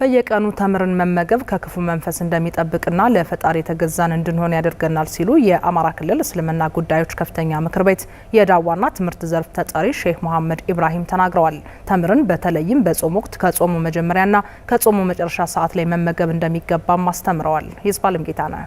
በየቀኑ ተምርን መመገብ ከክፉ መንፈስ እንደሚጠብቅና ለፈጣሪ የተገዛን እንድንሆን ያደርገናል ሲሉ የአማራ ክልል እስልምና ጉዳዮች ከፍተኛ ምክር ቤት የዳዋና ትምህርት ዘርፍ ተጠሪ ሼህ መሐመድ ኢብራሂም ተናግረዋል። ተምርን በተለይም በጾም ወቅት ከጾሙ መጀመሪያና ከጾሙ መጨረሻ ሰዓት ላይ መመገብ እንደሚገባም አስተምረዋል። ይዝባልም ጌታ ነው።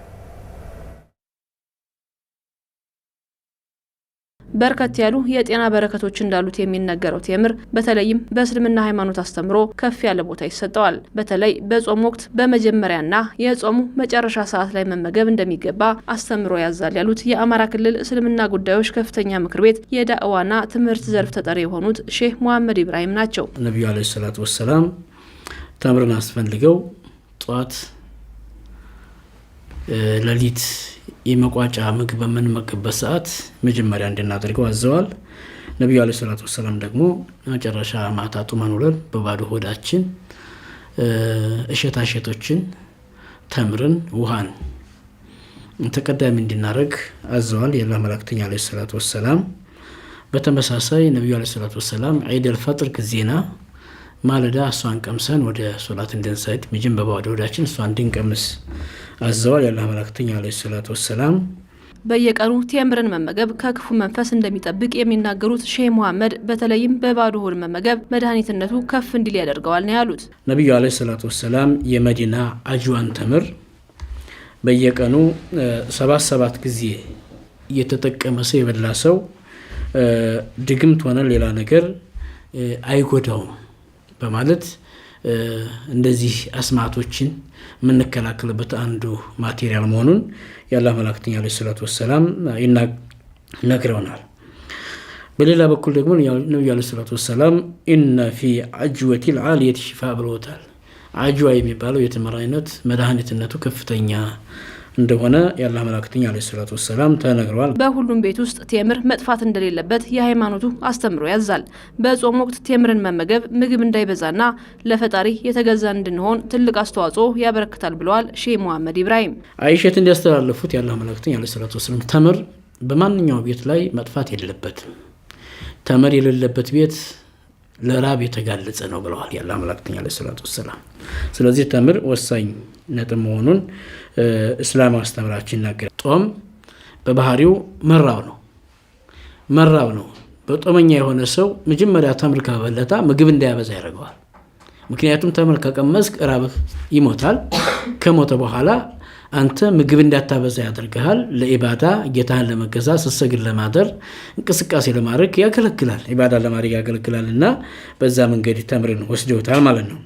በርከት ያሉ የጤና በረከቶች እንዳሉት የሚነገረው ቴምር በተለይም በእስልምና ሃይማኖት አስተምሮ ከፍ ያለ ቦታ ይሰጠዋል። በተለይ በጾም ወቅት በመጀመሪያና የጾሙ መጨረሻ ሰዓት ላይ መመገብ እንደሚገባ አስተምሮ ያዛል ያሉት የአማራ ክልል እስልምና ጉዳዮች ከፍተኛ ምክር ቤት የዳዕዋና ትምህርት ዘርፍ ተጠሪ የሆኑት ሼህ ሙሐመድ ኢብራሂም ናቸው። ነቢዩ ዓለይሂ ሰላቱ ወሰላም ተምርን አስፈልገው ጠዋት፣ ሌሊት የመቋጫ ምግብ በምንመገብበት ሰዓት መጀመሪያ እንድናደርገው አዘዋል። ነቢዩ አለ ሰላቱ ወሰላም ደግሞ መጨረሻ ማታ ጡመን ውለን በባዶ ሆዳችን እሸታሸቶችን፣ ተምርን፣ ውሃን ተቀዳሚ እንድናደርግ አዘዋል። የላ መላክተኛ አለ ሰላቱ ወሰላም። በተመሳሳይ ነቢዩ አለ ሰላቱ ወሰላም ዒደል ጊዜና ማለዳ እሷን ቀምሰን ወደ ሶላት እንድንሰድ ሚጅን በባዶ ወዳችን እሷ እንድንቀምስ አዘዋል። ያለ መላክተኛ አለ ሰላት ወሰላም በየቀኑ ቴምርን መመገብ ከክፉ መንፈስ እንደሚጠብቅ የሚናገሩት ሼህ መሐመድ በተለይም በባዶ ሆድ መመገብ መድኃኒትነቱ ከፍ እንዲል ያደርገዋል ነው ያሉት። ነቢዩ አለ ሰላት ወሰላም የመዲና አጅዋን ተምር በየቀኑ ሰባት ሰባት ጊዜ እየተጠቀመ ሰው የበላ ሰው ድግምት ሆነ ሌላ ነገር አይጎዳውም በማለት እንደዚህ አስማቶችን የምንከላከልበት አንዱ ማቴሪያል መሆኑን የአላህ መልእክተኛ ዓለይሂ ሰላቱ ወሰላም ነግረውናል። በሌላ በኩል ደግሞ ነቢዩ ዓለይሂ ሰላቱ ወሰላም ኢነ ፊ አጅወቲል ዓሊየቲ ሽፋእ ብለውታል። አጅዋ የሚባለው የተመራኝነት መድኃኒትነቱ ከፍተኛ እንደሆነ የአላህ መላክተኛ አለይሂ ሰላቱ ወሰላም ተነግረዋል። በሁሉም ቤት ውስጥ ቴምር መጥፋት እንደሌለበት የሃይማኖቱ አስተምሮ ያዛል። በጾም ወቅት ቴምርን መመገብ ምግብ እንዳይበዛና ለፈጣሪ የተገዛ እንድንሆን ትልቅ አስተዋጽኦ ያበረክታል ብለዋል ሼህ መሐመድ ኢብራሂም። አይሸት እንዲያስተላለፉት የአላህ መላክተኛ አለይሂ ሰላቱ ወሰላም ተምር በማንኛውም ቤት ላይ መጥፋት የለበትም። ተምር የሌለበት ቤት ለራብ የተጋለጸ ነው ብለዋል የአላህ መላክተኛ አለይሂ ሰላቱ ወሰላም። ስለዚህ ተምር ወሳኝ ነጥብ መሆኑን እስላም አስተምራችን ይናገራል። ጦም በባህሪው መራብ ነው። መራብ ነው። በጦመኛ የሆነ ሰው መጀመሪያ ተምር ከበለታ ምግብ እንዳያበዛ ያደርገዋል። ምክንያቱም ተምር ከቀመስክ ራብህ ይሞታል። ከሞተ በኋላ አንተ ምግብ እንዳታበዛ ያደርግሃል። ለኢባዳ ጌታህን ለመገዛ ስሰግድ ለማደር እንቅስቃሴ ለማድረግ ያገለግላል። ኢባዳ ለማድረግ ያገለግላል እና በዛ መንገድ ተምርን ወስደውታል ማለት ነው።